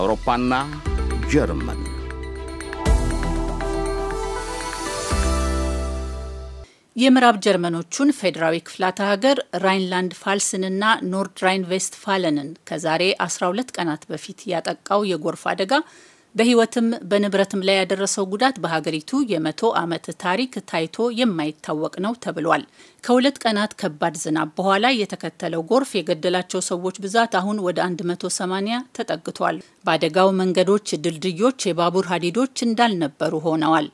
አውሮፓና ጀርመን የምዕራብ ጀርመኖቹን ፌዴራዊ ክፍላተ ሀገር ራይንላንድ ፋልስንና ኖርድ ራይን ቬስትፋለንን ከዛሬ 12 ቀናት በፊት ያጠቃው የጎርፍ አደጋ በህይወትም በንብረትም ላይ ያደረሰው ጉዳት በሀገሪቱ የመቶ ዓመት ታሪክ ታይቶ የማይታወቅ ነው ተብሏል። ከሁለት ቀናት ከባድ ዝናብ በኋላ የተከተለው ጎርፍ የገደላቸው ሰዎች ብዛት አሁን ወደ 180 ተጠግቷል። በአደጋው መንገዶች፣ ድልድዮች፣ የባቡር ሀዲዶች እንዳልነበሩ ሆነዋል።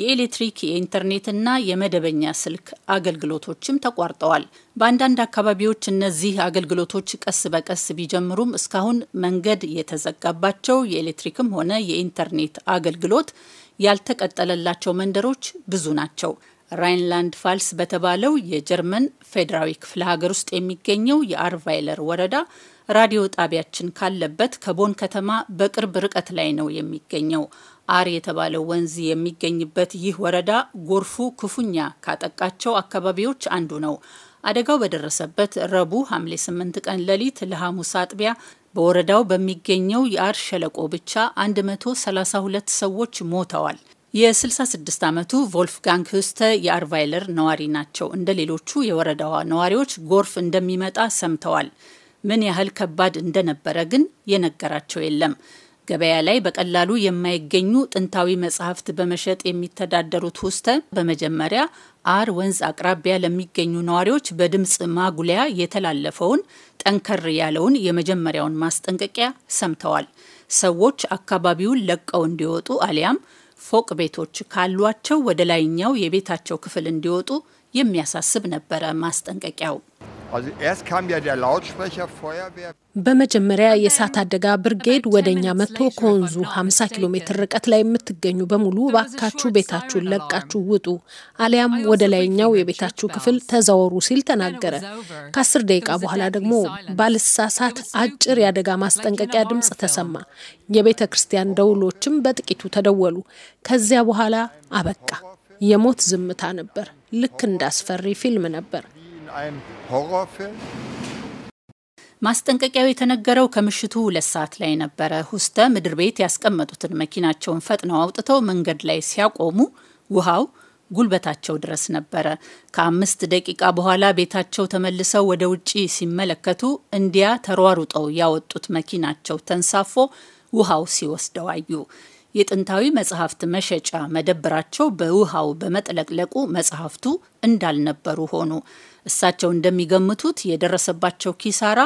የኤሌክትሪክ የኢንተርኔትና የመደበኛ ስልክ አገልግሎቶችም ተቋርጠዋል። በአንዳንድ አካባቢዎች እነዚህ አገልግሎቶች ቀስ በቀስ ቢጀምሩም እስካሁን መንገድ የተዘጋባቸው የኤሌክትሪክም ሆነ የኢንተርኔት አገልግሎት ያልተቀጠለላቸው መንደሮች ብዙ ናቸው። ራይንላንድ ፋልስ በተባለው የጀርመን ፌዴራዊ ክፍለ ሀገር ውስጥ የሚገኘው የአርቫይለር ወረዳ ራዲዮ ጣቢያችን ካለበት ከቦን ከተማ በቅርብ ርቀት ላይ ነው የሚገኘው። አር የተባለው ወንዝ የሚገኝበት ይህ ወረዳ ጎርፉ ክፉኛ ካጠቃቸው አካባቢዎች አንዱ ነው። አደጋው በደረሰበት ረቡዕ ሐምሌ 8 ቀን ሌሊት ለሐሙስ አጥቢያ በወረዳው በሚገኘው የአር ሸለቆ ብቻ 132 ሰዎች ሞተዋል። የ66 ዓመቱ ቮልፍጋንግ ህስተ የአርቫይለር ነዋሪ ናቸው። እንደ ሌሎቹ የወረዳዋ ነዋሪዎች ጎርፍ እንደሚመጣ ሰምተዋል። ምን ያህል ከባድ እንደነበረ ግን የነገራቸው የለም። ገበያ ላይ በቀላሉ የማይገኙ ጥንታዊ መጽሐፍት በመሸጥ የሚተዳደሩት ሁስተ በመጀመሪያ አር ወንዝ አቅራቢያ ለሚገኙ ነዋሪዎች በድምፅ ማጉሊያ የተላለፈውን ጠንከር ያለውን የመጀመሪያውን ማስጠንቀቂያ ሰምተዋል። ሰዎች አካባቢውን ለቀው እንዲወጡ አሊያም ፎቅ ቤቶች ካሏቸው ወደ ላይኛው የቤታቸው ክፍል እንዲወጡ የሚያሳስብ ነበረ ማስጠንቀቂያው። በመጀመሪያ የእሳት አደጋ ብርጌድ ወደ እኛ መጥቶ ከወንዙ 50 ኪሎ ሜትር ርቀት ላይ የምትገኙ በሙሉ ባካችሁ ቤታችሁን ለቃችሁ ውጡ አሊያም ወደ ላይኛው የቤታችሁ ክፍል ተዘወሩ ሲል ተናገረ። ከአስር ደቂቃ በኋላ ደግሞ ባልሳሳት አጭር የአደጋ ማስጠንቀቂያ ድምፅ ተሰማ። የቤተ ክርስቲያን ደውሎችም በጥቂቱ ተደወሉ። ከዚያ በኋላ አበቃ። የሞት ዝምታ ነበር። ልክ እንዳስፈሪ ፊልም ነበር። ማስጠንቀቂያው የተነገረው ከምሽቱ ሁለት ሰዓት ላይ ነበረ። ሁስተ ምድር ቤት ያስቀመጡትን መኪናቸውን ፈጥነው አውጥተው መንገድ ላይ ሲያቆሙ ውሃው ጉልበታቸው ድረስ ነበረ። ከአምስት ደቂቃ በኋላ ቤታቸው ተመልሰው ወደ ውጪ ሲመለከቱ እንዲያ ተሯሩጠው ያወጡት መኪናቸው ተንሳፎ ውሃው ሲወስደው አዩ። የጥንታዊ መጽሐፍት መሸጫ መደብራቸው በውሃው በመጥለቅለቁ መጽሐፍቱ እንዳልነበሩ ሆኑ። እሳቸው እንደሚገምቱት የደረሰባቸው ኪሳራ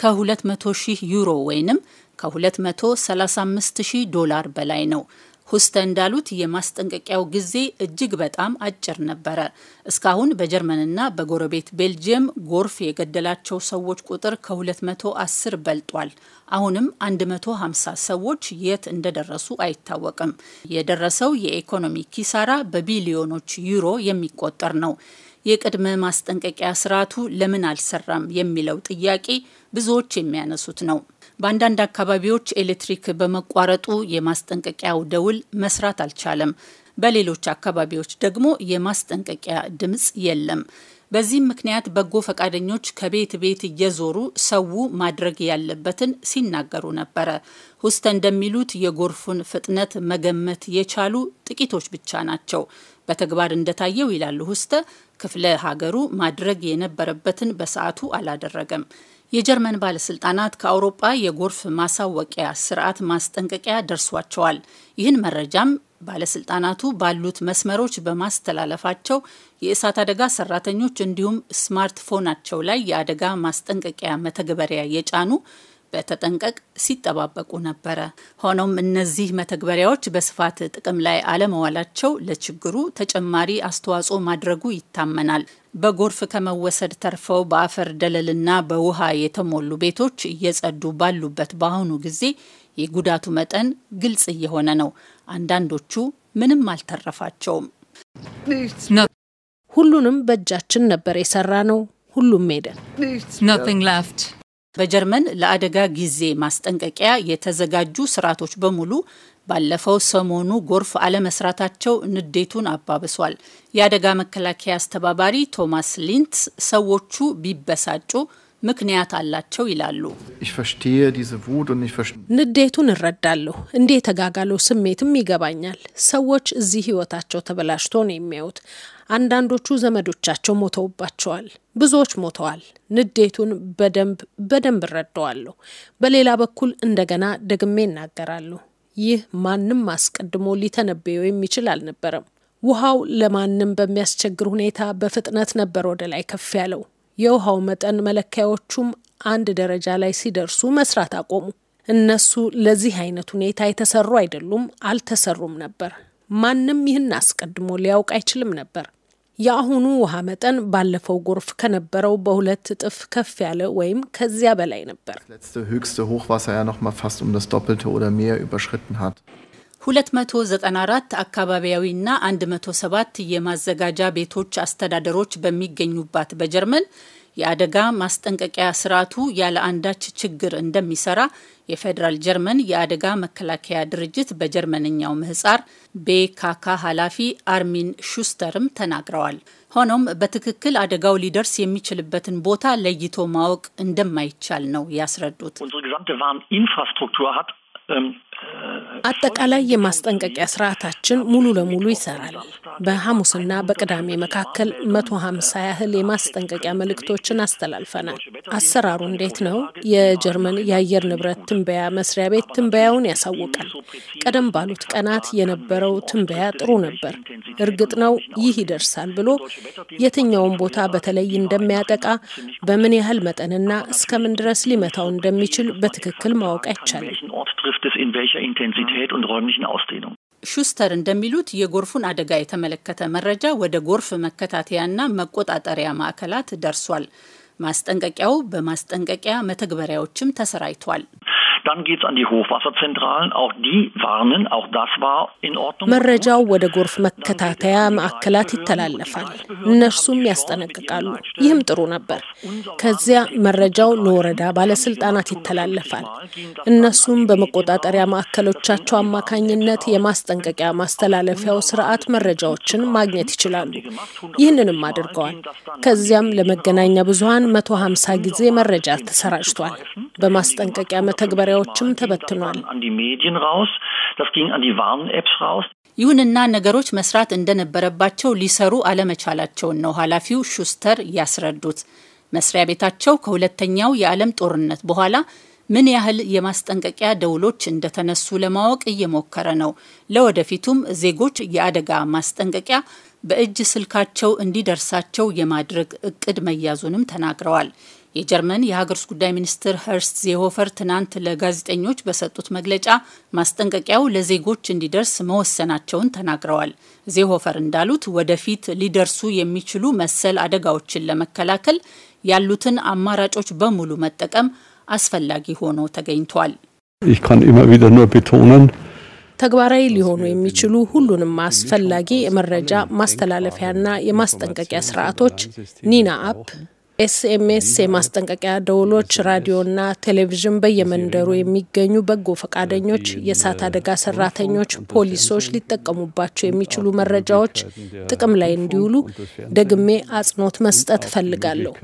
ከ200 ሺህ ዩሮ ወይንም ከ235 ሺህ ዶላር በላይ ነው። ሁስተ እንዳሉት የማስጠንቀቂያው ጊዜ እጅግ በጣም አጭር ነበረ። እስካሁን በጀርመንና በጎረቤት ቤልጅየም ጎርፍ የገደላቸው ሰዎች ቁጥር ከ210 በልጧል። አሁንም 150 ሰዎች የት እንደደረሱ አይታወቅም። የደረሰው የኢኮኖሚ ኪሳራ በቢሊዮኖች ዩሮ የሚቆጠር ነው። የቅድመ ማስጠንቀቂያ ስርዓቱ ለምን አልሰራም የሚለው ጥያቄ ብዙዎች የሚያነሱት ነው። በአንዳንድ አካባቢዎች ኤሌክትሪክ በመቋረጡ የማስጠንቀቂያው ደውል መስራት አልቻለም። በሌሎች አካባቢዎች ደግሞ የማስጠንቀቂያ ድምፅ የለም። በዚህም ምክንያት በጎ ፈቃደኞች ከቤት ቤት እየዞሩ ሰው ማድረግ ያለበትን ሲናገሩ ነበረ። ሁስተ እንደሚሉት የጎርፉን ፍጥነት መገመት የቻሉ ጥቂቶች ብቻ ናቸው። በተግባር እንደታየው ይላሉ ውስተ ክፍለ ሀገሩ ማድረግ የነበረበትን በሰዓቱ አላደረገም። የጀርመን ባለስልጣናት ከአውሮጳ የጎርፍ ማሳወቂያ ስርዓት ማስጠንቀቂያ ደርሷቸዋል። ይህን መረጃም ባለስልጣናቱ ባሉት መስመሮች በማስተላለፋቸው የእሳት አደጋ ሰራተኞች እንዲሁም ስማርትፎናቸው ላይ የአደጋ ማስጠንቀቂያ መተግበሪያ የጫኑ በተጠንቀቅ ሲጠባበቁ ነበረ። ሆኖም እነዚህ መተግበሪያዎች በስፋት ጥቅም ላይ አለመዋላቸው ለችግሩ ተጨማሪ አስተዋጽኦ ማድረጉ ይታመናል። በጎርፍ ከመወሰድ ተርፈው በአፈር ደለልና በውሃ የተሞሉ ቤቶች እየጸዱ ባሉበት በአሁኑ ጊዜ የጉዳቱ መጠን ግልጽ እየሆነ ነው። አንዳንዶቹ ምንም አልተረፋቸውም። ሁሉንም በእጃችን ነበር የሰራ ነው። ሁሉም ሄደ። በጀርመን ለአደጋ ጊዜ ማስጠንቀቂያ የተዘጋጁ ስርዓቶች በሙሉ ባለፈው ሰሞኑ ጎርፍ አለመስራታቸው ንዴቱን አባብሷል። የአደጋ መከላከያ አስተባባሪ ቶማስ ሊንትስ ሰዎቹ ቢበሳጩ ምክንያት አላቸው ይላሉ። ንዴቱን እረዳለሁ። እንዴ የተጋጋለው ስሜትም ይገባኛል። ሰዎች እዚህ ህይወታቸው ተበላሽቶ ነው የሚያዩት። አንዳንዶቹ ዘመዶቻቸው ሞተውባቸዋል፣ ብዙዎች ሞተዋል። ንዴቱን በደንብ በደንብ እረዳዋለሁ። በሌላ በኩል እንደገና ደግሜ እናገራለሁ። ይህ ማንም አስቀድሞ ሊተነበየው የሚችል አልነበረም። ውሃው ለማንም በሚያስቸግር ሁኔታ በፍጥነት ነበር ወደ ላይ ከፍ ያለው። የውሃው መጠን መለኪያዎቹም አንድ ደረጃ ላይ ሲደርሱ መስራት አቆሙ። እነሱ ለዚህ አይነት ሁኔታ የተሰሩ አይደሉም፣ አልተሰሩም ነበር። ማንም ይህን አስቀድሞ ሊያውቅ አይችልም ነበር። የአሁኑ ውሃ መጠን ባለፈው ጎርፍ ከነበረው በሁለት እጥፍ ከፍ ያለ ወይም ከዚያ በላይ ነበር። 294 አካባቢያዊና 107 የማዘጋጃ ቤቶች አስተዳደሮች በሚገኙባት በጀርመን የአደጋ ማስጠንቀቂያ ስርዓቱ ያለ አንዳች ችግር እንደሚሰራ የፌዴራል ጀርመን የአደጋ መከላከያ ድርጅት በጀርመንኛው ምህጻር ቤካካ ኃላፊ አርሚን ሹስተርም ተናግረዋል። ሆኖም በትክክል አደጋው ሊደርስ የሚችልበትን ቦታ ለይቶ ማወቅ እንደማይቻል ነው ያስረዱት። አጠቃላይ የማስጠንቀቂያ ስርዓታችን ሙሉ ለሙሉ ይሰራል። በሐሙስና በቅዳሜ መካከል መቶ ሀምሳ ያህል የማስጠንቀቂያ መልእክቶችን አስተላልፈናል። አሰራሩ እንዴት ነው? የጀርመን የአየር ንብረት ትንበያ መስሪያ ቤት ትንበያውን ያሳውቃል። ቀደም ባሉት ቀናት የነበረው ትንበያ ጥሩ ነበር። እርግጥ ነው ይህ ይደርሳል ብሎ የትኛውን ቦታ በተለይ እንደሚያጠቃ በምን ያህል መጠንና እስከምን ድረስ ሊመታው እንደሚችል በትክክል ማወቅ አይቻልም። in welcher Intensität und räumlichen Ausdehnung. ሹስተር እንደሚሉት የጎርፉን አደጋ የተመለከተ መረጃ ወደ ጎርፍ መከታተያና መቆጣጠሪያ ማዕከላት ደርሷል። ማስጠንቀቂያው በማስጠንቀቂያ መተግበሪያዎችም ተሰራይቷል። Dann es an die Hochwasserzentralen. Auch die warnen. Auch das war in Ordnung. መረጃው ወደ ጎርፍ መከታተያ ማዕከላት ይተላለፋል። እነርሱም ያስጠነቅቃሉ። ይህም ጥሩ ነበር። ከዚያ መረጃው ለወረዳ ባለስልጣናት ይተላለፋል። እነሱም በመቆጣጠሪያ ማዕከሎቻቸው አማካኝነት የማስጠንቀቂያ ማስተላለፊያው ስርዓት መረጃዎችን ማግኘት ይችላሉ። ይህንንም አድርገዋል። ከዚያም ለመገናኛ ብዙኃን 150 ጊዜ መረጃ ተሰራጭቷል። በማስጠንቀቂያ መተግበሪያ መተግበሪያዎችም ተበትኗል። ይሁንና ነገሮች መስራት እንደነበረባቸው ሊሰሩ አለመቻላቸውን ነው ኃላፊው ሹስተር ያስረዱት። መስሪያ ቤታቸው ከሁለተኛው የዓለም ጦርነት በኋላ ምን ያህል የማስጠንቀቂያ ደውሎች እንደተነሱ ለማወቅ እየሞከረ ነው። ለወደፊቱም ዜጎች የአደጋ ማስጠንቀቂያ በእጅ ስልካቸው እንዲደርሳቸው የማድረግ እቅድ መያዙንም ተናግረዋል። የጀርመን የሀገር ውስጥ ጉዳይ ሚኒስትር ኸርስት ዜሆፈር ትናንት ለጋዜጠኞች በሰጡት መግለጫ ማስጠንቀቂያው ለዜጎች እንዲደርስ መወሰናቸውን ተናግረዋል። ዜሆፈር እንዳሉት ወደፊት ሊደርሱ የሚችሉ መሰል አደጋዎችን ለመከላከል ያሉትን አማራጮች በሙሉ መጠቀም አስፈላጊ ሆኖ ተገኝቷል። ተግባራዊ ሊሆኑ የሚችሉ ሁሉንም አስፈላጊ የመረጃ ማስተላለፊያና የማስጠንቀቂያ ስርዓቶች ኒና አፕ ኤስኤምኤስ የማስጠንቀቂያ ደውሎች፣ ራዲዮና ቴሌቪዥን፣ በየመንደሩ የሚገኙ በጎ ፈቃደኞች፣ የእሳት አደጋ ሰራተኞች፣ ፖሊሶች ሊጠቀሙባቸው የሚችሉ መረጃዎች ጥቅም ላይ እንዲውሉ ደግሜ አጽንኦት መስጠት እፈልጋለሁ።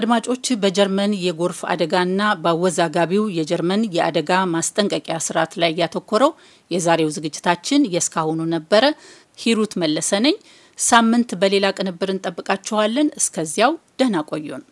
አድማጮች፣ በጀርመን የጎርፍ አደጋና በአወዛጋቢው የጀርመን የአደጋ ማስጠንቀቂያ ስርዓት ላይ ያተኮረው የዛሬው ዝግጅታችን የእስካሁኑ ነበረ። ሂሩት መለሰ ነኝ። ሳምንት በሌላ ቅንብር እንጠብቃችኋለን። እስከዚያው ደህና ቆዩን።